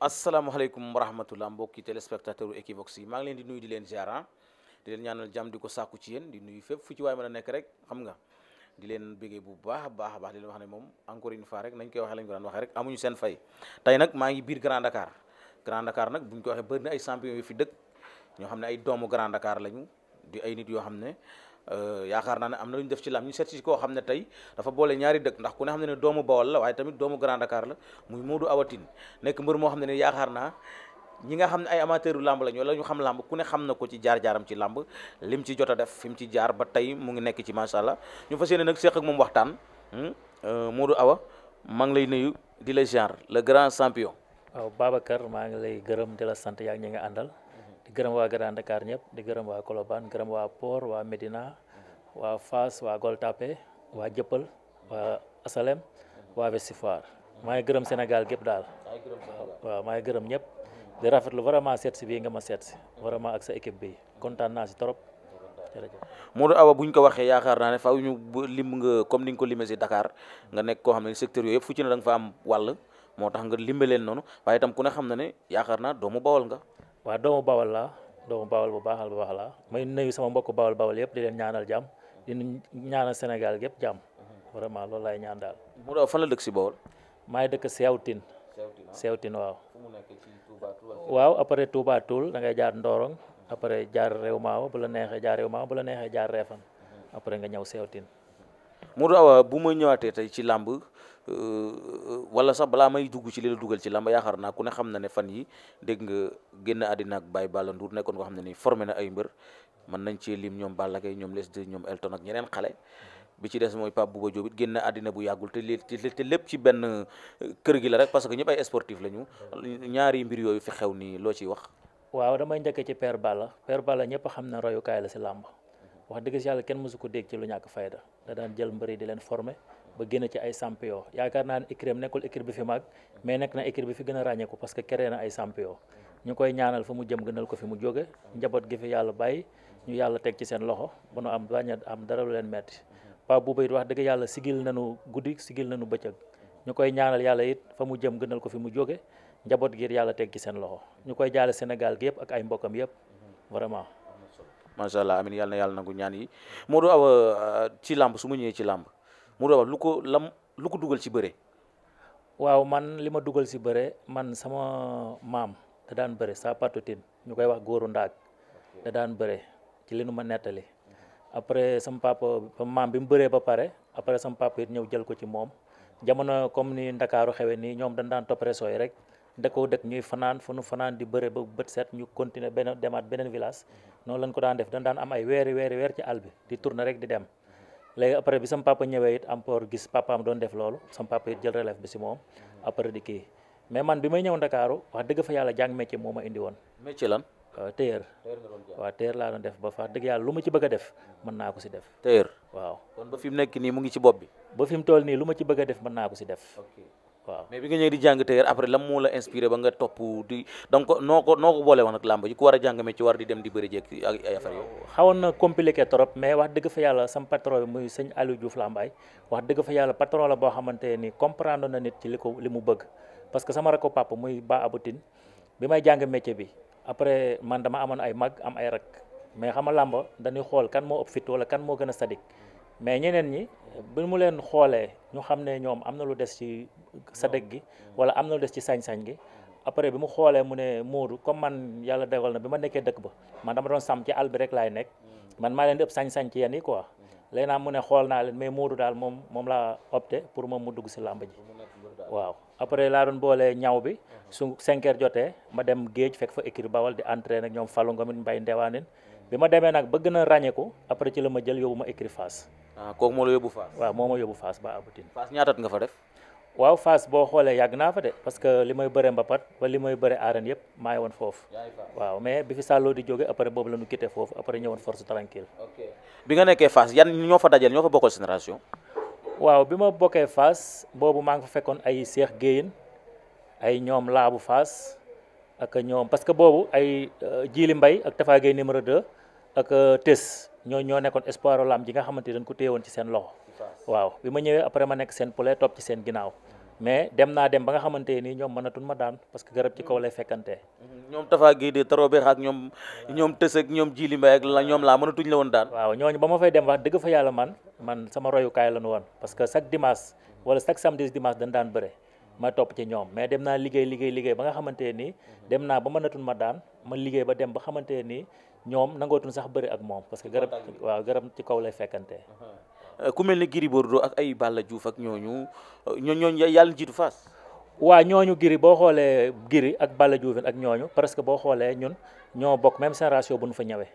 asalaamaaleykum wa rahmatullah mbokki téléspectateur Equivox yi maa ngi leen di nuyu di leen ziar di leen ñaanal jàmm di ko sàkku ci yéen di nuyu fépp fu ci waay mën a nekk rek xam nga di leen béggee bu baax a baax a baax di leen wax ne moom encore une fois rek nañ koy waxee lañ ko daan waxee rek amuñu seen fay tey nag maa ngi biir Grand Dakar Grand Dakar nag buñ ko waxee bëri na ay champion yu fi dëkk ñoo xam ne ay doomu Grand Dakar lañu di ay nit yoo xam ne Euh, yaakaar naa ne am na lu ñu def ci lam ñu seet si koo xam ne tey dafa boole ñaari dëkk ndax ku ne xam ne ne doomu Bawol la waaye tamit doomu Grand Dakar la muy Modou Awatine nekk mbër moo xam ne ne yaakaar naa ñi nga xam ne ay amateur u làmb lañu la ñu xam làmb ku ne xam na ko ci jaar-jaaram ci làmb lim ci jot def fi mu ci jaar ba tey mu ngi nekk ci macha allah ñu fas yéene nag seq ak moom waxtaan hmm? euh, Modou Awa maa ngi lay nuyu di la genre le grand champion. waaw Babacar maa ngi lay gërëm di la sant yaa ngi àndal. di gërëm waa Grand Dakar ñëpp di gërëm waa Colobane gërëm waa Port waa Médina waa Fass waa Gueule Tapée waa Jëppal waa Asalem waa Ouest Foire gërëm Sénégal gépp daal waaw maa ngi gërëm ñëpp di rafetlu vraiment seet si bii nga ma seet si vraiment ak sa équipe bi kontaan naa si trop jërëjëf Modou Awa bu ñu ko waxee yaakaar naa ne faaw ñu lim nga comme ni nga ko limee si Dakar nga nekk koo xam ne secteur yooyu yëpp fu ci fa am wàll moo tax nga limbe leen noonu waa doomu bawal laa doomu bawal bu baaxal bu baax laa may nuyu sama mbokk bawal bawal yëpp di leen ñaanal jàmm di ñaanal Sénégal yëpp jàmm vraiment loolu laay ñaan daal. mu doon fan la dëkk si bawal. maa ngi dëkk seew Sewtin ah. waaw. waaw après Touba Toul da jaar Ndorong après jaar Réew Maaw bu la neexee jaar Réew Maaw bu la neexee jaar Réfan mhm. après nga ñëw Sewtin. Modou Awa bu ma ñëwaatee tey ci làmb euh, wala sax balaa may dugg ci li la dugal ci làmb yaakaar naa ku ne xam na ne fan yi dégg nga génn àddina ak baay Balla Ndour nekkoon ko xam ne nii formé na ay mbër mën nañ ci lim ñoom Balla Gaye ñoom les deux ñoom Elton ak ñeneen xale bi ci des mooy Pape Bouba Diop génn àddina bu yàggul te te lépp ci benn euh, kër gi la rek parce que ñëpp ay sportif lañu ñaari mbir yooyu fi xew nii loo ciy wax. waaw damay njëkkee ci Père Balla Père ñëpp xam na royukaay la si làmb wax dëgg si yàlla kenn mësu ko dégg ci lu ñàkk fayda da daan jël mbëri di leen former ba génn ci ay champion yaakaar naa ne écurie am nekkul écurie bi fi mag mais nekk na écurie bi fi gën a ràññeeku parce que na ay champion ñu koy ñaanal fa mu jëm gënal ko fi mu jóge njaboot gi fi yàlla bàyyi ñu yàlla teg ci seen loxo ba nu am bañ a am dara lu leen metti Pape Bouba it wax dëgg yàlla sigil nañu guddi sigil nañu bëccëg ñu koy ñaanal yàlla it fa mu jëm gënal ko fi mu jóge njaboot gi it yàlla teg ci seen loxo ñu koy jaale Sénégal gi yëpp ak ay mbokkam yëpp vraiment macha allah amin yàlla na yàlla nangu ñaan yi Modou Awa euh, ci làmb su ma ñëwee ci làmb Modou Awa lu ko lam lu ko dugal ci bëre. waaw man li ma dugal si bëre man sama maam da daan bëre saa patutin ñu koy wax góoru ndaag da daan bëre ci li nu ma nettali après sama papa maam bi mu bëree ba pare après sama papa it ñëw jël ko ci moom jamono comme ni ndakaaru xewe nii ñoom dañ daan topp reso rek dëkkoo dëkk ñuy fanaan fu nu fanaan di bëre ba bët set ñu continuer benn demaat beneen village noonu lañ ko daan def dañ daan am ay weeri weeri weer ci àll bi di tourner rek di dem léegi après bi sam papa ñëwee it am pour gis papaam doon def loolu sam papa it jël relève bi si moom après di kii mais man bi may ñëw Ndakaaru wax dëgg fa yàlla jàng métier moo ma indi woon. métier lan. Euh, téer laa doon def ba fa dëgg yàlla lu ma ci bëgg def mën naa ko si def téer waaw kon ba fi mu nekk nii mu ngi ci bopp bi ba fi mu toll nii lu ma ci bëgg def mën naa ko si def waaw mais bi nga ñëwee di jàng téer après lan moo la inspiré ba nga topp di donc ko noo ko noo ko boole woon ak làmb ji war a jàng ci war di dem di bëri jéeg ak ay affaire yooyu xawoon na compliqué trop mais wax dëgg fa yàlla sam patron bi muy sëñ Aliou Diouf wax dëgg fa yàlla patron la boo xamante ni comprendre na nit ci li ko li mu bëgg parce que sama rakk papa muy Ba Abutine bi may jàng métier bi après man dama amoon ay mag am ay rak mais xama nga làmb dañuy xool kan moo ëpp fit wala kan moo gën a sadik mais ñeneen ñi bi mu leen xoolee ñu xam ne ñoom am na lu des ci sa dëgg gi wala am na lu des ci sañ-sañ gi après bi mu xoolee mu ne Modou comme man yàlla dogal na bi ma nekkee dëkk ba man dama doon sàmm ci àll bi rek laay nekk mm. man maa leen di ëpp sañ-sañ ci yenn yi quoi mm. léegi naa mu ne xool naa leen mais Modou daal moom moom laa opté pour moom mu dugg si làmb ji waaw après laa doon boolee ñaw bi mm-hmm. su 5 jotee ma dem géej fekk fa écurie Bawal di entraîné ak ñoom Fallou Ngom it Mbaye Ndewaanin mm. bi ma demee nag ba gën a ràññeeku après ci la ma jël yóbbu ma écurie Fass ah kooku moo la yóbbu Fass. waaw moo ma yóbbu Fass ba Abutine. Fass ñaatat nga fa def. waaw Fass boo xoolee yàgg naa fa de parce que li may bëre mbapat ba li may bëre arène yëpp maa ngi foofu. waaw mais bi fi Salloo di jóge après boobu la ñu foofu après ñëwoon force tranquille bi nga nekkee Fass yan ñoo fa dajal ñoo fa bokkal génération. waaw bi ma bokkee Fass boobu maa ngi fa fekkoon ay Cheikh Guèyeen ay ñoom laabu Fass ak ñoom parce que boobu ay euh, Jili ñoo ñoo nekkoon espoir lamb ji nga xamante ni dañ ko téyewoon ci seen loxo waaw bi ma ñëwee après ma nekk seen poulet topp ci seen ginnaaw mais dem naa dem ba ma daan la ñoom laa mënatuñ la woon daan waaw ñooñu ba ma fay dem la ñu que chaque dimanche wala chaque samedi dimanche mais naa liggéey liggéey liggéey ba nga xamante nii dem naa ba mënatuñ ma daan ma liggéey ba dem ba xamante nii ñoom nangootuñ sax bëri ak moom parce que garab waaw garab ci kaw lay fekkante uh-huh. uh, ku mel ni Gris Bordeaux ak ay Balla Diouf ak ñooñu uh, ñooñu yàlla jiitu Fass waa ñooñu Gris boo xoolee Gris ak Balla Diouf ak ñooñu parce que boo xoolee ñun ñoo bokk même génération bu nu fa ñawee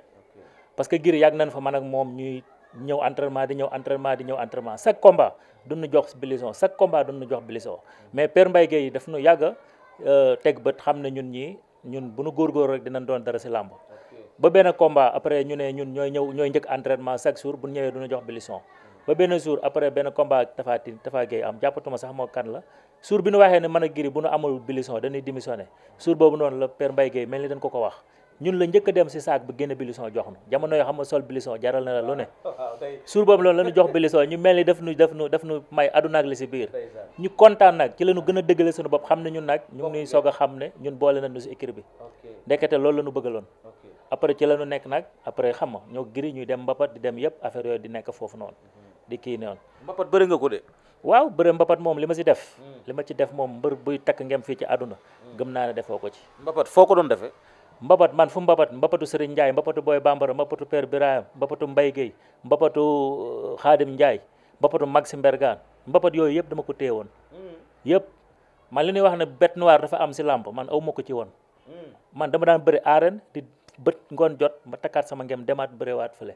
parce que Gris yàgg nañ fa man ak moom ñuy ñëw entraînement di ñëw entraînement di ñëw entrement chaque combat duñu jox bilisson chaque combat duñu jox bilisson mais Père Mbaye Gueye daf nu yàgg uh, teg bët xam ne ñun ñii ñun bu nu góorgóor rek dinañ doon dara si làmb ba benn combat après ñu ne ñun ñooy ñëw ñooy njëkk entraînement chaque jour bu ñëwee duna jox bi ba benn jour après benn combat Tapha Tine am jàppatuma sax moo kan la jour bi nu waxee ne man a giri bu nu amul bi leçon dañuy démissionné boobu noonu la Père Mbaye Gueye mel ni a dem si saak bi génn na la la ñu jox bilisson ñu daf nu daf nu may àdduna ak si biir ñu kontaan nag ci la ñu a dëggale suñu bopp xam ne ñun nag ñu ngi nuy soog a xam ne ñun boole nañu si équipe bi ndekete loolu la ñu bëggaloon après ci la ñu nekk nag après xam nga ñoo giri ñuy dem mbapat di dem yëpp affaire yooyu di nekk foofu noonu di kii noonu. mbapat bëri nga ko de. waaw bëri mbapat moom li ma si def. Hmm. li ma ci def moom mbër buy hmm. ko ci. mbapat foo ko doon defee. mbapat man fu mbapat mbapatu Serigne Ndiaye mbapatu Boy Bambara mbapatu Père Birahim mbapatu Mbaye Guèye mbapatu Xaadim euh, Ndiaye mbapatu Maxime Bergan mbapat yooyu yëpp dama ko téye woon. Hmm. yëpp man li ñuy wax ne bête noire dafa am si làmb man aw ko bët ngoon jot ma takkaat sama ngem demaat bërewaat fële.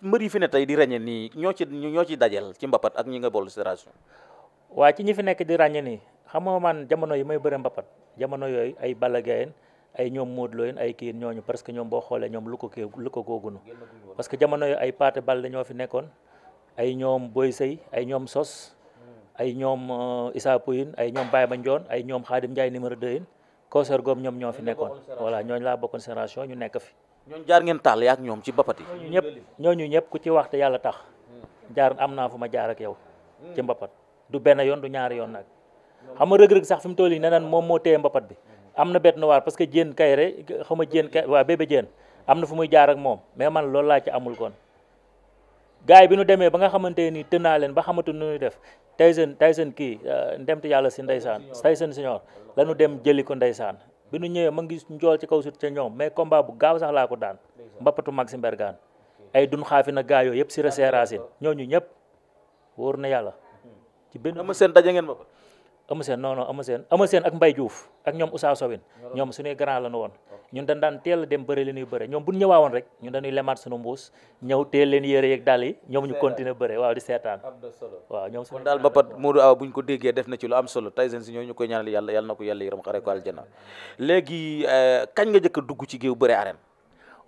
mbër yi fi ne tey di ràññee nii ñoo ci ñoo ci dajal ci mbapat ak ñi nga bool situation. waa ci ñi fi nekk di ràññee nii xam nga man jamono yi may bëre mbappat jamono yooyu ay Balla Gaye ay ñoom Modou Lo ay kii ñooñu parce que ñoom boo xoolee ñoom lu ko kii lu ko googunu parce que jamono yooyu ay Paate Balla ñoo fi nekkoon ay ñoom Boy Sey ay ñoom Sos ay ñoom euh, Issa Pouyin ay ñoom Baye Mandione ay ñoom Khadim Ndiaye numéro 2 Kosor Gom ñoom ñoo fi nekkoon voilà ñooñu laa bokkoon génération ñu nekk fi. ñooñu jaar ngeen taal yaa ak ñoom ci mbapat yi. ñëpp ñooñu ñëpp ku ci waxte yàlla tax hmm. jaar am naa fu ma jaar ak yow hmm. ci mbapat du benn yoon du ñaari yoon nag xam nga rëg-rëg sax fi yi ne naan moo téye mbapat bi hmm. am na bête noire parce que jéen kayre xam nga jéen kay waa bébé jéen am na fu muy jaar ak moom mais man loolu laa ci amul kon gars yi bi nu demee ba nga xamante nii tënaa ba xamatu nu ñuy def Tyson Tyson kii euh, ndemti yàlla si ndeysaan Tyson senior la ñu dem jëli ko ndeysaan bi nu ñëwee ma ngi njool ci kaw sut ca ñoom mais combat bu gaaw sax laa ko daan mbappatu Maxime Bergan ay dun xaafi na gaa yooyu yëpp si ñoo ñooñu ñëpp wóor na yàlla ci benn ama seen daje ngeen ma ko ama seen non non ama seen ama seen ak Mbaye Diouf ak ñoom Oussa Sowin ñoom suñuy grand la nu woon ñun dañ daan teel a dem bëre li ñuy bëre ñoom bu ñu ñëwaawoon rek ñun dañuy lemaat suñu mbuus ñëw teel leen yére yeeg dàll yi ñoom ñu continuer bëre waaw di seetaan waaw ñoom kon daal mbapat Modou Awa bu ñu ko déggee def na ci lu am solo Tyson si ñooñu ñu koy ñaanal yàlla yàlla na ko yàlla yërëm xare ko aljana léegi euh, kañ nga jëkk a dugg ci géew bëre arène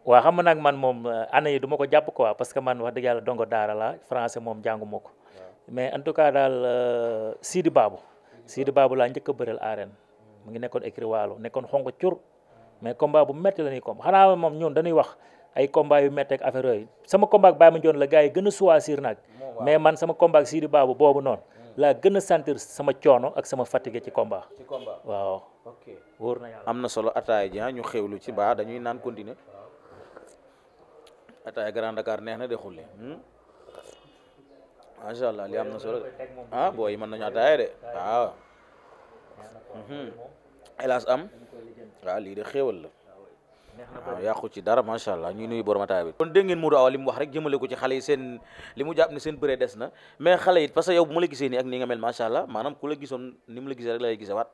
waaw xam nag man moom euh, année yi du ko jàpp quoi parce que man wax dëgg yàlla dongo daara la français euh, a mais combat bu metti la ñuy combat moom ñun dañuy wax ay combat yu métteeg affaire yooyu sama combat ak Baye Mandione la gars yi gën a choisir nag mais man sama combat ak Sidi Babou boobu noonu hmm. laa gën a sama coono ak sama fatigué ci kombaa ci combat waaw. ok na am na solo ataaya ji ah, ñu lu ci baa dañuy naan continuer ataaya Grand Dakar neex na de xulle hmm? macha allah li am na solo ah booy man nañu ataaya de waaw. hélas am waa lii de xéewal la waaw yàqu ci dara macha allah ñuy nuyu borom ataaya bi kon dégg ngeen Modou Awa li mu wax rek jëmale ko ci xale yi seen li mu jàpp ne seen bëree des na mais xale yi parce que yow bu ma la gisee nii ak nii nga mel macha allah maanaam ku la gisoon ni mu la gisee la lay gisewaat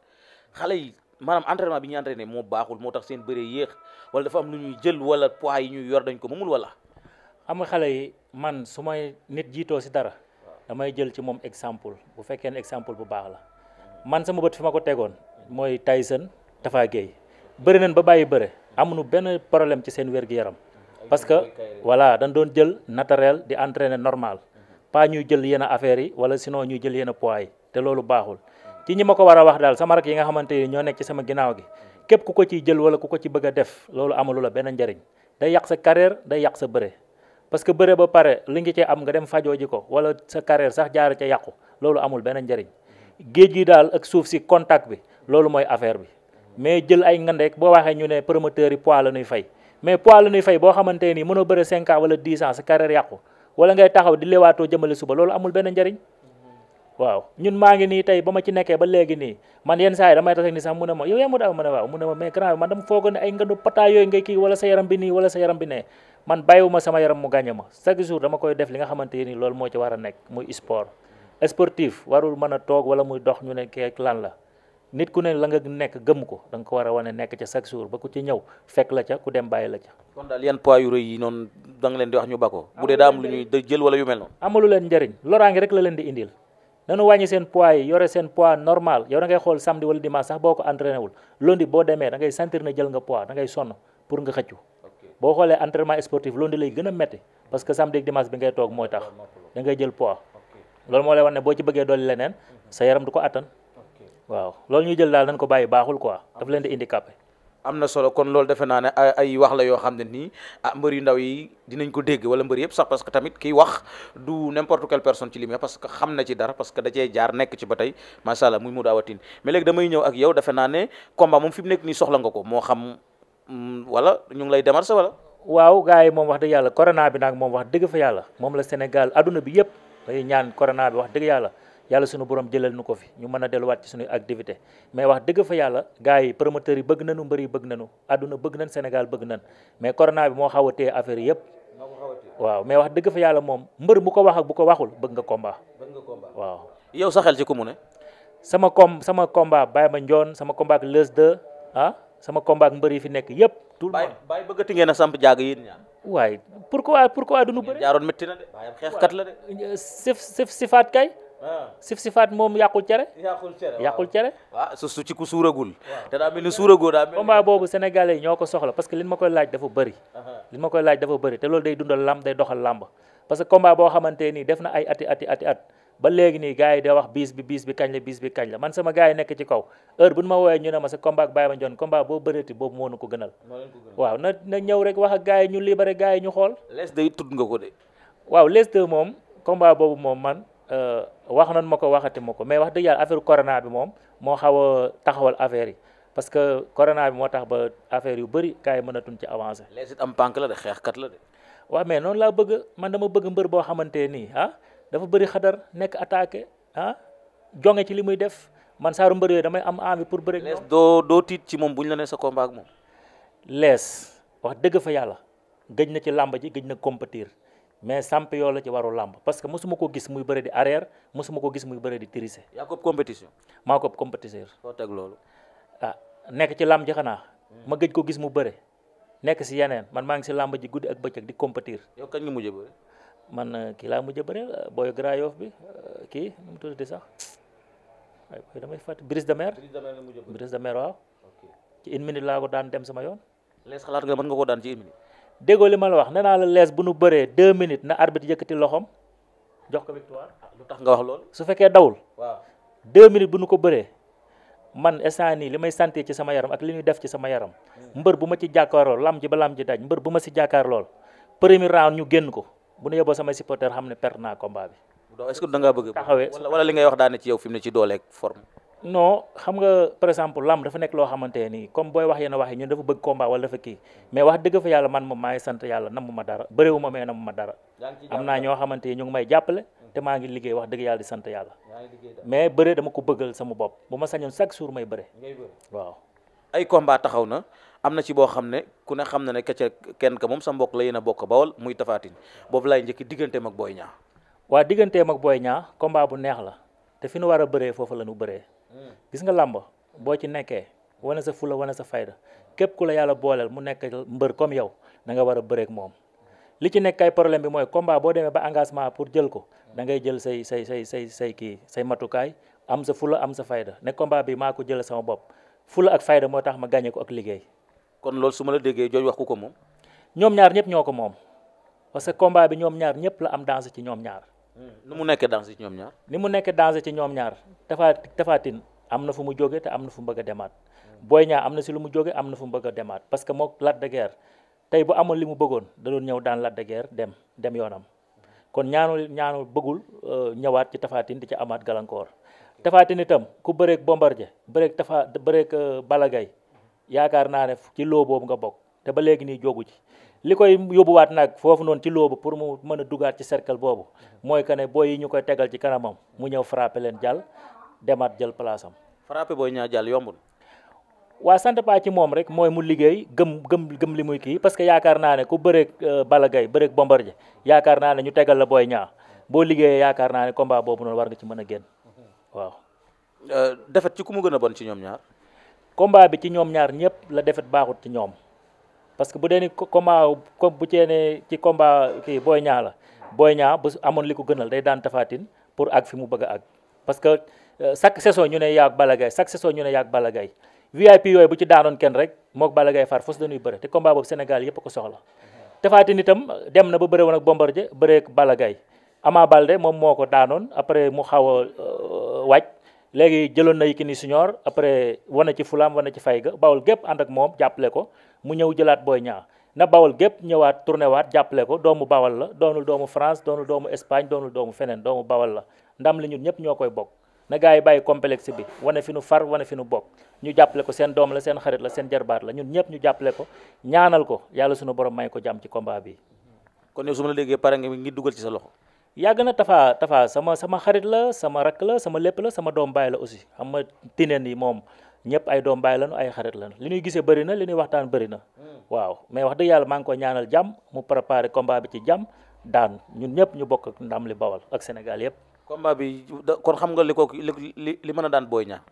xale yi maanaam entraînement bi ñuy entraîné moo baaxul moo tax seen bëree yéex wala dafa am lu ñuy jël wala poids yi ñuy yor dañ ko moomul wala xam nga xale yi man su may nit jiitoo si dara damay jël ci moom exemple bu fekkee ne exemple bu baax la man sama bët fi ma ko tegoon mooy Tyson Tafa Gueye bëri nañ ba bàyyi bëre amuñu benn problème ci seen wér-gu-yaram parce que voilà dañ doon jël naturel di entraîner normal pas ñuy jël yenn affaire yi wala sinon ñuy jël yenn poids yi te loolu baaxul ci ñi ma ko war a wax daal sama rak yi nga xamante ni ñoo nekk ci sama ginnaaw gi képp ku ko ciy jël wala ku ko ci bëgg a def loolu amalu benn njëriñ day yàq sa carrière day yàq sa bëre parce que bëre ba pare li ngi cee am nga dem fajoo ji ko wala sa carrière sax jaar ca yàqu loolu amul benn njëriñ géej gi bi loolu mooy affaire bi mais jël ay ngandeek boo waxee ñu ne promoteurs yi poids la ñuy fay mais poids la ñuy fay boo xamante nii mën a bëre cinq ans wala dix ans sa carrière yàqu wala ngay taxaw di lewaatoo jëmale suba loolu amul benn njariñ waaw ñun maa ngi nii tey ba ma ci nekkee ba léegi nii man yenn saa yi damay tax ni sax mu ne ma yow yaa ma daaw ma ne waaw mu ne ma mais grand man dama foog ne ay ngandu pata yooyu ngay kii wala sa yaram bi nii wala sa mu gàññe ma chaque jour dama koy def li nga xamante nii loolu moo ci a nekk muy sport sportif warul mën a toog wala muy dox ñu ne kee lan la nit ku ne la nga nekk gëm ko da ko war a wane nekk ca chaque jour ba ku ci ñëw fekk la ca ku dem bàyyi la ca. yan poids yu rëy yi noonu da leen di wax ñu bako bu dee daa am lu ñuy jël wala yu mel noonu. amalu leen njëriñ loraange rek la leen di indil nanu wàññi seen poids yi yore seen poids normal yow da xool samedi wala dimanche sax boo ko entraîné wul boo demee da sentir ne jël nga poids da sonn pour nga xëccu. boo waaw loolu ñuy jël daal nañ ko bàyyi baaxul quoi daf leen di handicapé. am na solo kon loolu defe naa ne ay wax la yoo xam ne nii ah mbër yu ndaw yi dinañ ko dégg wala mbër yëpp sax parce que tamit ki wax du n'importe quelle personne ci limee parce que xam na ci dara parce que da cee jaar nekk ci ba tey macha allah muy mu daawatin mais léegi damay ñëw ak yow defe naa ne combat moom fi mu nekk nii soxla nga ko moo xam mm, wala ñu ngi lay démarrer wala. waaw gars yi moom wax dëgg yàlla corona bi nag moom wax dëgg fa yàlla moom la Sénégal adduna bi yëpp ñaan corona bi wax dëgg yàlla. yàlla suñu borom jëlal nu ko fi ñu mën a delluwaat ci suñuy activité mais wax dëgg fa yàlla gars yi promoteurs yi bëgg nañu mbër yi bëgg nañu àdduna bëgg nañ Sénégal bëgg nañ mais corona bi moo xaw a téye affaire yëpp waaw mais wax dëgg fa yàlla moom mbër bu ko wax ak bu ko waxul bëgg nga combat bëgg nga combat waaw yow sa xel ci ku mu ne sama com sama combat Baye Ma Ndione sama combat ak Leuz 2 ah sama combat ak mbër yi fi nekk yëpp tout le monde Baye bëggati ngeen a samp jaag yéen ñaar waaye pourquoi pourquoi du nu bëri jaaroon la de sif sif kay Ah. sif sifaat moom yàqul cere. yàqul cere yàqul cere. waaw su ci ku suuragul. combat boobu sénégalais ñoo ko soxla parce que li ma koy laaj dafa bëri. li ma koy laaj dafa bëri te loolu day dundal làmb day doxal làmb parce que combat boo xamante nii def na ay ati ati at ba léegi nii gars day wax biis bi biis bi kañ la biis bi kañ la man sama gars nekk ci kaw heure bu nu ma woowee ñu ne ma sa combat ak Baye Mandione combat boo bëreeti boobu moo nu ko gënal. waaw Euh, wax nan ma ko waxati ma ko mais wax dëgg yàlla affaire corona bi moom moo xaw taxawal affaire yi parce que corona bi moo tax ba affaire yu bëri kaay mënatuñ ci avancer. les it am pànk la de xeex kat la de. waaw mais noonu laa bëgg man dama bëgg mbër boo xamante nii ah dafa bëri xadar nekk attaqué ah jonge ci li muy def man saaru mbër yooyu damay am envie pour bëri. doo doo tiit ci moom bu ñu la ne sa combat ak moom. lees wax dëgg fa yàlla gëj na ci làmb ji na compétir. mais samp yoo la ci waru làmb parce que mosuma ko gis muy bëri di arrière mosuma ko gis muy bëri di tirise. yaa ko compétition. teg loolu. ah nekk ci làmb ji xanaa. ma gëj ko gis mu bëre. nekk si yeneen man maa ngi si làmb ji guddi ak bëccëg di compétir. yow kañ nga mujj a bëre. man euh, kii laa mujj a bëre euh, booy Grand Yoff bi euh, kii nu mu tuddati sax ay booy damay fàttali Brise de Mer. Brise de Mer a bëre Brise de Mer waaw. ci une laa ko daan dem sama yoon. lees xalaat nga mën nga koo daan ci une déggoo li ma la wax nee naa la lees bu nu bëree deux minutes na arbitre yëkkati loxoom jox ko victoire. Ah, lu tax nga wax loolu. su fekkee dawul. waaw deux minutes bu nu ko bëree man instant nii li may santé ci sama yaram ak li ñuy def ci sama yaram hmm. mbër bu ma ci jàkkaaroo lam ji ba lam ji daj mbër bu ma si jàkkaarlool premier round ñu génn ko bu nu yóbboo samay supporters xam ne perte naa combat bi. est wala li ngay wax daane ci yow fi mu ne ci dooleeg forme. non xam nga par exemple lamb dafa nekk loo xamante nii comme booy wax yenn wax yi ñun dafa bëgg combat wala dafa kii mais wax dëgg fa yàlla man moom maa sant yàlla namu ma dara bëréewu ma mais namu ma dara am naa ñoo xamante ñu ngi may jàppale te maa ngi liggéey wax dëgg yàlla di sant yàlla mais bëre dama ko bëggal sama bopp bu ma sañoon chaque jour may bëre waaw ay combat taxaw na am na ci boo xam ne ku ne xam na ne kecca kenn ka moom sa mbokk la yéen a bokk bawal muy tafaatin boobu laay njëkki digganteem ak Boy Niang waa digganteem ak Boy Niang combat bu neex la te fi nu war a bëree foofu la nu bëree gis nga làmb boo ci nekkee wane sa fula wane sa fayda képp ku la yàlla booleel mu nekk mbër koom yow da war a bëreek moom li ci nekk ay problème bi mooy combat boo demee ba engagement pour jël ko dangay jël say say say say say kii say matukaay am sa fula am sa fayda ne combat bi maa ko jël sama bopp fula ak fayda moo tax ma gagné ko ak liggéey. kon loolu su ma la déggee jooju wax ku ko moom. ñoom ñaar ñëpp ñoo ko moom parce que combat bi ñoom ñaar ñëpp la am ñaar. ni mu nekkee danger ci ñoom ñaar. ni mu nekkee danger ci ñoom ñaar Tapha Tapha Tine am na fu mu jóge te am na fu mu bëgg a demaat. booy ñaa am na si lu mu jóge am na fu mu bëgg demaat parce que moom Lac de Guiers tey bu amoon li mu bëggoon daloon ñëw daan Lac de dem dem yoonam kon ñaanul ñaanul bëggul euh, ñëwaat ci Tapha Tine ci amaat gàllankoor. Tapha Tine itam ku bëreeg Bombardier bëreeg Tapha bëreeg euh, Balla Gaye yaakaar naa ne ci loo boobu nga bokk te ba léegi nii jógu ci. li koy yóbbuwaat nag foofu noonu ci loobu pour mu mën a dugaat ci cercle boobu mooy que ne booy yi ñu koy tegal ci kanamam mu ñëw frappé leen jàll demaat jël place am. frappé booy ñaar jàll yombul. waa sant ba ci moom rek mooy mu liggéey gëm gëm gëm li muy kii parce que yaakaar naa ne ku bëreeg euh, balagay Gaye bëreeg Bombardier yaakaar naa ne ñu tegal la booy ñaar boo liggéeyee yaakaar naa ne combat boobu noonu war nga ci mën a génn waaw. Euh, defet ci ku mu gën a bon ci ñoom ñaar. combat bi ci ñoom ñaar ñëpp la defet baaxut ci ñoom. parce que bu dee ni combat comme bu cee ne ci combat kii Boy Niang la Boy ba bu amoon li ko gënal day daan Tapha pour àgg fi mu bëgg a parce que euh, chaque saison ñu ne yaa Balla Gaye chaque saison ñu ne yaag Balla Gaye VIP yooyu bu ci daanoon kenn rek mook Balla far fos dañuy bëre te combat boobu Sénégal yëpp ko soxla Tapha Tine itam dem na ba bëre woon ak Bombardier bëreek Balla Gaye Balde moom moo ko daanoon après mu xaw a euh, wàcc léegi jëloon na Yékini Junior après wane ci fulaam wane ci fayga bawol gépp ànd ak moom jàppale ko mu ñëw jëlaat booy ñaa na bawol gépp ñëwaat tourné waat jàppale ko doomu bawol la doonul doomu France doonul doomu Espagne doonul doomu feneen doomu bawol la ndam li ñun ñëpp ñoo koy bokk na gaa yi bàyyi complexe bi wane fi nu far wane fi nu bokk ñu jàppale ko seen doom la seen xarit la seen jarbaat la ñun ñëpp ñu jàppale ko ñaanal ko yàlla sunu borom may ko jàmm ci combat bi kon yow su ma la déggee ngi dugal ci sa loxo yàgg na tafaa Tafa sama sama xarit la sama rakk la sama lépp la sama doom baay la aussi xam nga tineen yi moom ñëpp ay doom la lañu ay xarit lañu li ñuy gisee bëri na li ñuy waxtaan bëri na hmm. waaw mais wax dëgg yàlla maa ngi ko ñaanal jàmm mu préparé combat bi ci jàmm daan ñun ñëpp ñu bokk ak ndam li Bawal ak Sénégal yëpp. combat bi kon xam nga li ko li li mën a daan booy Niang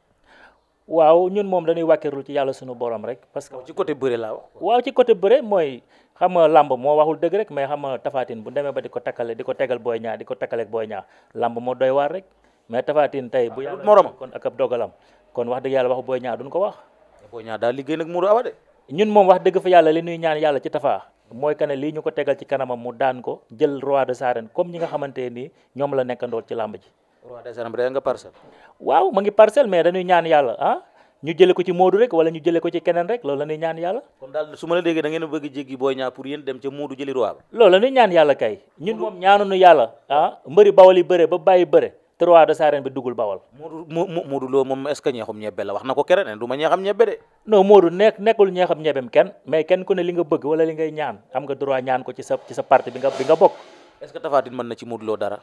waaw ñun moom dañuy wàkkeerul ci yàlla suñu borom rek parce que ci côté bëre laa wax waaw ci côté bëre mooy xam nga làmb moo waxul dëgg rek mais xam nga tafaatin bu demee ba di ko takkale di ko tegal booy ñaa di ko takkaleeg booy ñaa làmb moo doy waar rek mais tafaatin tey bu ah, yàlla morom kon ak ab kon wax dëgg yàlla waxu booy ñaa duñ ko wax booy ñaa daal liggéey nag Modou Awa ñun moom wax dëgg fa yàlla li nuy ñaan yàlla ci tafaa mooy que ne lii ñu ko tegal ci kanamam mu daan ko jël roi de sarène comme ñi nga xamante nii ñoom la nekkandool ci làmb ji roi des arènes nga parcelle. waaw ma ngi parcelle mais dañuy ñaan yàlla ah ñu jëlee ko ci Modou rek wala ñu jëlee ko ci keneen rek loolu la ñuy ñaan yàlla. kon daal su ma la déggee da ngeen bëgg jéggi Boy Niang pour yéen dem ca Modou jëli moom ñaanuñu yàlla ah mbëri bawal yi bëre ba bàyyi bëre te roi des arènes bi duggul bawal. Modou Modou Lo moom est ce que ñeexum ñebe la wax na ko kere ne du ma ñeexam ñebe de. non Modou est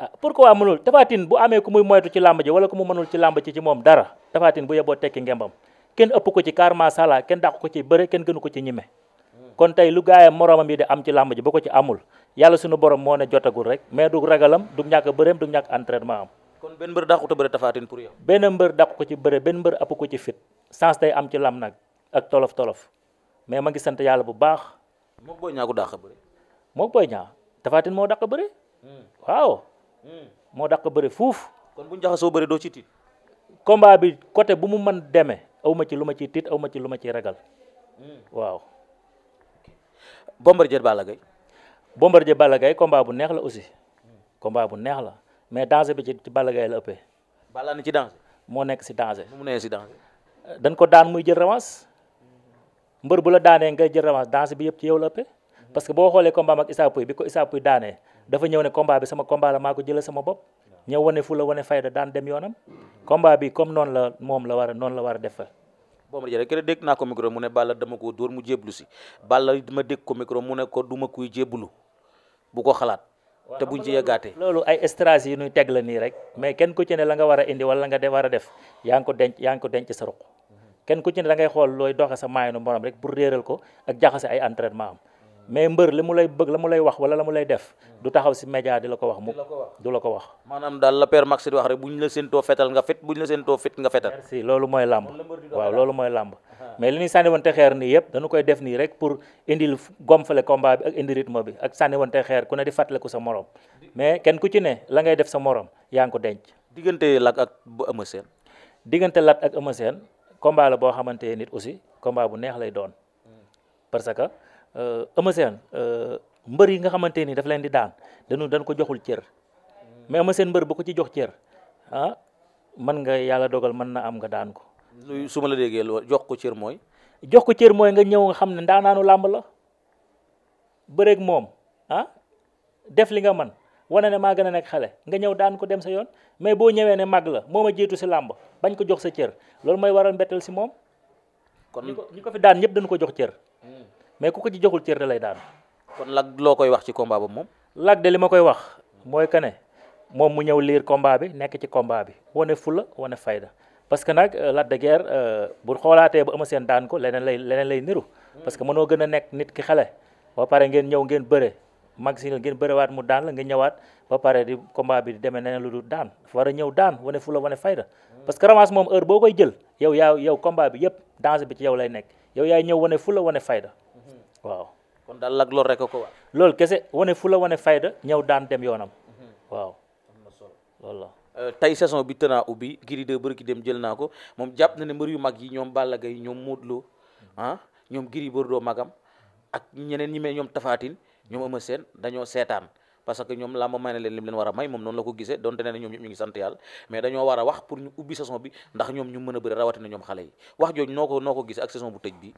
Ah, pourquoi mënul tafatin bu amee ku muy moytu ci làmb ji ku mu mënul ci làmb ci moom dara tafatin bu yeboo tekki ngembam kenn ëpp ko ci kaar masala kenn dàq ko ci bëre kenn gënu ko ci ñime hmm. kon tey lu gaayam moroomam yi di am ci làmb ji bu ko ci amul yàlla suñu borom moo ne jotagul rek mais du ragalam du ñàkk bëreem du ñàkk entraînement am kon benn mbër dàqu ko bëre tafatin pour ko ci bëre benn mbër ëpp ko ci fit sens tey am ci làmb nag ak tolof tolof mais ma ngi sant yàlla bu baax mook booy ñaa ko dàq bëre mook booy ñaa moo dàq bëre hmm. waaw moo dàq bëri fuuf. kon bu ñu jaxasoo doo ci tiit. combat bi côté bu mu man demee aw ma ci lu ma ciy tiit aw ma ci lu ma ciy ragal hmm. waaw. Bombardier Balla Gaye. Bombardier Balla Gaye combat bu neex la aussi. combat bu neex la mais danger bi ci ci Balla Gaye la ëppee. Balla ci danger. moo nekk si danger. mu nekk si danger. Euh, dañ ko daan muy jël revanche mbër bu la daanee ngay jël revanche danger bi yëpp ci yow la ëppee. Hmm. parce que boo xoolee combat am ak Issa bi ko Issa Pouye daanee. dafa ñëw ne combat bi sama combat la maa ko jëlee sama bopp ñëw wone fu la wane fayda daan dem yoonam combat bi comme noonu la moom la war a noonu la war a def fa Bombardier rek dégg naa ko micro mu ne Balla dama ko dóor mu jéblu si Balla dama dégg ko micro mu ne ko duma kuy jéblu bu ko xalaat te buñ a yëgaatee loolu ay stratégie yu nuy teg la nii rek mais kenn ku ci ne la nga war a indi wala nga de war def yaa nga ko denc yaa ngi ko denc sa ruq kenn ku ci ne ngay xool looy doxe sa maayanu morom rek pour réeral ko ak jaxase ay entraînement am mais mbër li mu lay bëgg la mu lay wax wala la mu lay def du taxaw si média di la ko wax mu du la ko wax maanaam daal la père Max di wax rek bu ñu la séentoo fetal nga fet bu ñu la séentoo fit nga fetal merci loolu mooy làmb waaw loolu mooy làmb mais li ñuy sànni xeer nii yëpp dañu koy def nii rek pour indil gomfale combat bi ak indi rythme bi ak sànni wante xeer ku ne di fàttaliku sa morom mais kenn ku ci ne la ngay def sa morom yaa ngi ko denc diggante Lac ak bu Eumeu Sène diggante Lac ak Eumeu Sène la boo xamante nit aussi combat bu neex lay doon hmm. parce que Euh, Eumeu Sène euh, mbër yi nga xamante ni daf leen di daan dañu dañ ko joxul cër hmm. mais Eumeu Sène mbër bu ko ci jox cër ah mën nga yàlla dogal mën na am nga daan ko. su ma la déggee loolu jox ko cër mooy. jox ko cër mooy nga ñëw nga xam ne ndaanaanu làmb la bëreeg moom ah def li nga man wane ne maa gën a nekk xale nga ñëw daan ko dem sa yoon mais boo ñëwee ne mag la moo ma jiitu si làmb bañ ko jox sa cër loolu mooy waral mbetteel si moom. kon ñi ko fi daan ñëpp dañu ko jox cër. Hmm. mais ku ko ci joxul cër da lay daan. kon Lac loo koy wax ci komba ba moom. Lac de li ma koy wax mooy que ne moom mu ñëw liir combat bi nekk ci combat bi wane fula wane fayda parce que nag euh, Lac de Guiers euh, bu xoolaatee ba Eumeu Sène daan ko leneen lay leneen lay niru. Hmm. parce que mënoo gën a nekk nit ki xale. ba pare ngeen ñëw ngeen bëre mag si ngeen bërewaat mu daan nga ñëwaat ba pare di combat bi di demee neneen lu dul daan dafa war a ñëw daan wane fula wane fayda. Hmm. parce que revanche moom heure boo koy jël yow yaa yow combat bi yëpp danger bi ci yow lay nekk yow yaay ñëw wane fula wane fayda. waaw kon daal lag loolu rek a ko war. loolu kese wane fu la wane fayda ñaw daan dem yoonam. Mhm. waaw am na solo euh, saison bi tënaa ubbi Gris 2 bërki dem jël naa ko moom jàpp na ne mbër yu mag yi ñoom Balla Gaye ñoom Modou Lo mhm. ah ñoom Gris Bordeaux magam ak ñeneen ñi mel ñoom Tapha ñoom Eumeu Sène dañoo seetaan parce que ñoom làmb may na leen lim leen war a may moom noonu la ko gisee donte ne ñoom ñu ngi sant mais dañoo war a wax pour ñu ubbi saison bi ndax ñoom ñu mën a bëri rawatina ñoom xale yi wax jooju noo ko noo ko gisee ak bu tëj bi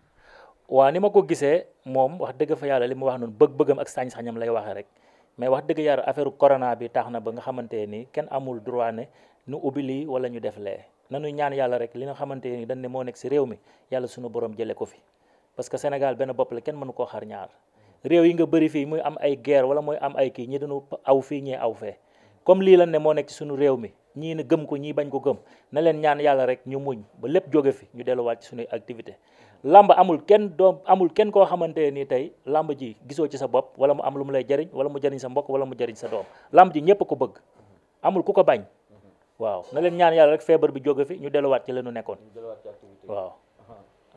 waa ni ma ko gisee moom wax dëgg fa yàlla li mu wax noonu bëgg-bëggam ak sañ-sañam lay waxee rek mais wax dëgg yàlla affaire corona bi tax na ba nga xamante ni kenn amul droit ne nu ubbi lii wala ñu def lee nanu ñaan yàlla rek li nga xamante ni dañ ne moo nekk si réew mi yàlla suñu borom jëlee ko fi parce que Sénégal benn bopp la kenn mënu koo xar ñaar réew yi nga bëri fii muy am ay guerre wala muy am kii ñi dañu aw fii ñee aw fee comme lii lan ne moo nekk suñu réew mi ñii na gëm ko ñii bañ ko gëm na leen ñaan yàlla rek ñu muñ ba lépp jóge fi ñu delluwaat ci suñuy activité làmb amul kenn doom amul kenn koo xamante nii tey làmb ji gisoo ci sa bopp wala mu am lu mu lay jariñ wala mu jariñ sa mbokk wala mu jariñ sa doom làmb ji ñëpp ko bëgg amul ku ko bañ waaw na leen ñaan yàlla rek feebar bi jóge fi ñu delluwaat ci leenu nekkoon waaw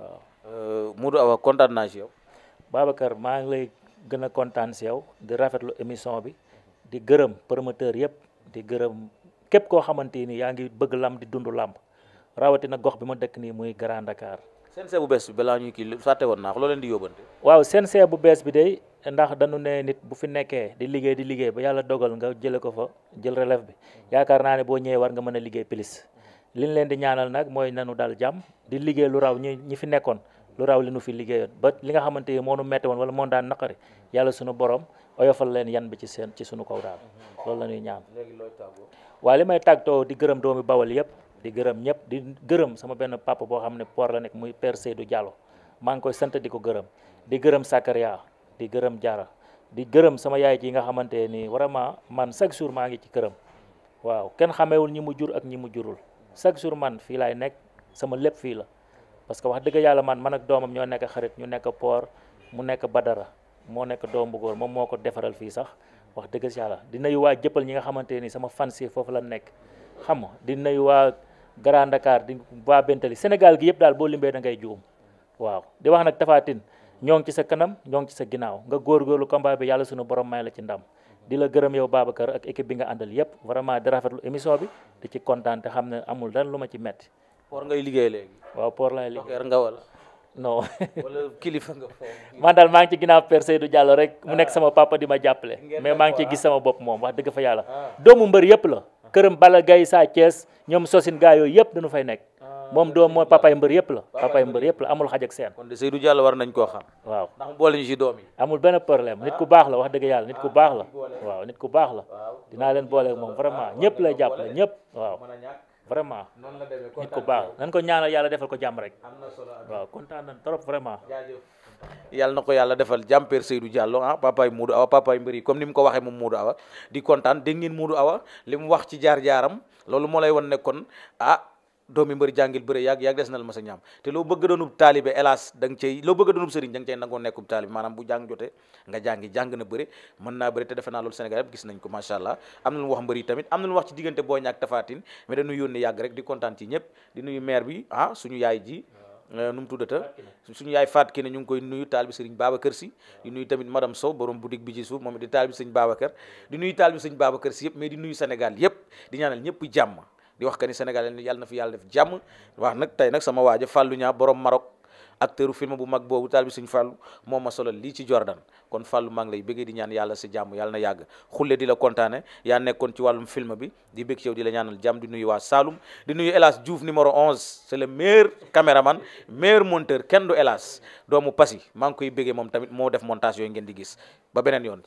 waaw euh, Modou Awa kontaan naa si yow maa ngi lay gën a kontaan si yow di rafetlu émission bi di gërëm promoteur yëpp di gërëm képp koo xamante ni yaa ngi bëgg làmb di dund làmb rawatina gox bi ma dëkk nii muy Grand CNG bu bees bi balaa ñuy kii fàtte woon naa ko loo leen di yóbbante. waaw CNG bu bees bi day ndax dañu ne nit bu fi nekkee di liggéey di liggéey ba yàlla dogal nga jële ko fa jël relève bi yaakaar naa ne boo ñëwee war nga mën a liggéey pilis li ñu leen di ñaanal nag mooy nanu daal jàmm di liggéey lu raw ñi ñi fi nekkoon lu raw li nu fi liggéeyoon ba li nga xamante ni moo nu metti woon wala moo daan naqari yàlla suñu borom oyofal leen yan bi ci seen ci suñu kaw daal mm-hmm. loolu la ñuy ñaan. léegi li may tàggatoo di gërëm doomi bawal yëpp di gërëm ñëpp di gërëm sama benn papa boo xam ne port la nekk muy père Seydou Diallo maa ngi koy sant di ko gërëm di gërëm Sakaria di gërëm Diarra di gërëm sama yaay ji nga xamante ni vraiment man chaque jour maa ngi ci këram waaw kenn xamewul ñi mu jur ak ñi mu jurul chaque jour man fii laay nekk sama lépp fii la parce que wax dëgg yàlla man man ak doomam ñoo nekk xarit ñu nekk poor mu nekk Badara moo nekk doom bu góor moom moo ko defaral fii sax wax dëgg yàlla di waa jëppal ñi nga xamante ni sama fan foofu la nekk xam Grand Dakar di waa Bentali Sénégal gi yëpp daal boo limbee da ngay juum waaw di wax nag Tapha Tine ñoo ngi ci sa kanam ñoo ci sa ginnaaw nga góor góorgóorlu combat bi yàlla sunu borom may la ci ndam di la gërëm yow Babacar ak équipe bi nga àndal yëpp vraiment di rafetlu émission bi di ci kontaan te ne amul dara lu ma ci metti Port ngay liggéey léegi. waaw Port laay nga wala. non. wala nga foofu. daal maa ngi ci ginnaaw Père Seydou Diallo rek mu nekk ah. sama papa di ma jàppale. mais maa ngi ci gis sama bopp moom wax dëgg fa yàlla. Ah. doomu mbër yëpp la. këram Balla Gaye Sa Thiès ñoom sosin gaa yooyu yëpp fay nekk ah, moom doom mooy papaay mbër yëpp la papaay mbër yëpp la amul xaj ak seen kon de Seydou Diallo war nañ koo xam waaw ndax mu boole ñu amul benn problème nit ku ah. baax la wax dëgg yàlla nit ku ah, baax la waaw nit ku baax la dinaa leen booleeg moom vraiment ñëpp lay jàppale ñëpp waaw nit ku baax nañ ko ñaanal yàlla defal ko jàmm rek waaw kontaan nañ trop vraiment yàlla na ko yàlla defal jàmpeer Seydou Diallo ah papaay Moodu Awa papaay mbër comme ni mu ko waxee moom Moodu Awa di kontaan dégg ngeen Moodu Awa li mu wax ci jaar-jaaram loolu moo lay wan ne kon ah doomi mbër jàngil bëre yàgg yàgg na ma sa ñaam te loo bëgg doonub taalibe hélas da nga cay bëgg doonub sëriñ da nga cay nangoo nekkub taalibe maanaam bu jàng jotee nga jàng na bëre mën naa bëre te defe naa loolu Sénégal yëpp gis nañ ko macha allah am na lu wax mbër yi tamit am na lu wax ci diggante boo Niang ak Tapha Tine mais dañuy yónni yàgg rek di kontaan ci ñëpp di nuyu maire bi ah suñu yaay ji Eh, nu mu tuddata suñu yaay faat ki ne ñu ngi koy nuyu taal bi sëriñ Babacar si di nuyu tamit madame Sow borom boutique bi ci suuf moom di taal bi sëriñ Babacar di nuyu taal bi sëriñ Babacar si yëpp mais di nuyu Sénégal yëpp di ñaanal ñëpp jàmm di wax que ni Sénégal yàlla na fi yàlla def jàmm wax nag tey nag sama waaja Fallou Niang borom Maroc acteur film bu mag boobu taal bi suñ fàllu moom ma solal lii ci Jordan kon fàllu maa ngi lay bëggee di ñaan yàlla si jàmm yàlla na yàgg xulle di la kontaane yaa nekkoon ci wàllum film bi di bëgg ci yow di la ñaanal jàmm di nuyu waa Saloum di nuyu Elas Diouf numéro 11 c'est le meilleur man meilleur monteur kenn du Elas doomu Passy maa ngi koy bëggee moom tamit moo def montage yooyu ngeen di gis ba beneen yoon